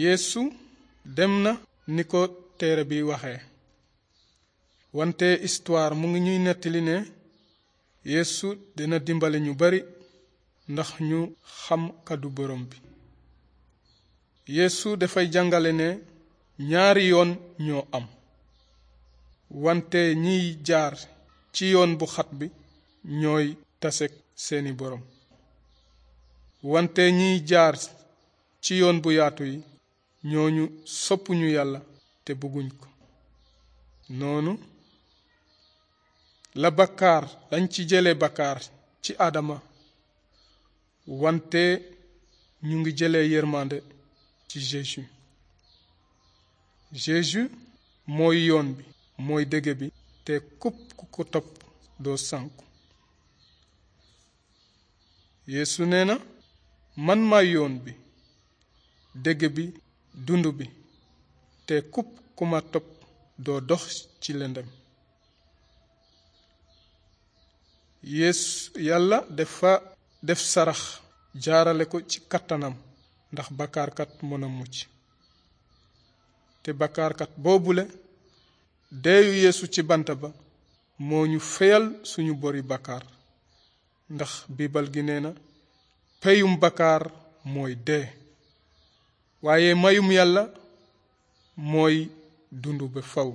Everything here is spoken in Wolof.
yéesu dem na ni ko téere bi waxe wante histoire mu ngi ñuy nettali ne yeesu dina dimbali ñu bari ndax ñu xam borom bi yéesu dafay jàngale ne ñaari yoon ñoo am wante ñiy jaar ci yoon bu xat bi ñooy tasek seeni borom wante ñiy jaar ci yoon bu yaatu yi ñooñu soppuñu yàlla te bëgguñ ko noonu la bakkaar lañ ci jële bakkaar ci aadama wante ñu ngi jële yërmande ci Jésus Jésus mooy yoon bi mooy dëgg bi te képp ku ko topp doo sànku Yeesu nee na man maay yoon bi dëgg bi dund bi te kupp ku topp doo dox ci lëndëm yéesu yàlla dafa def sarax jaarale ko ci kattanam ndax bakkaarkat mën a mucc te bakkaarkat boobule deeyu yéesu ci bant ba moo ñu feyal suñu bori bakkaar ndax biibal gi nee na peyum bakkaar mooy dee waaye mayum yàlla mooy dund ba faw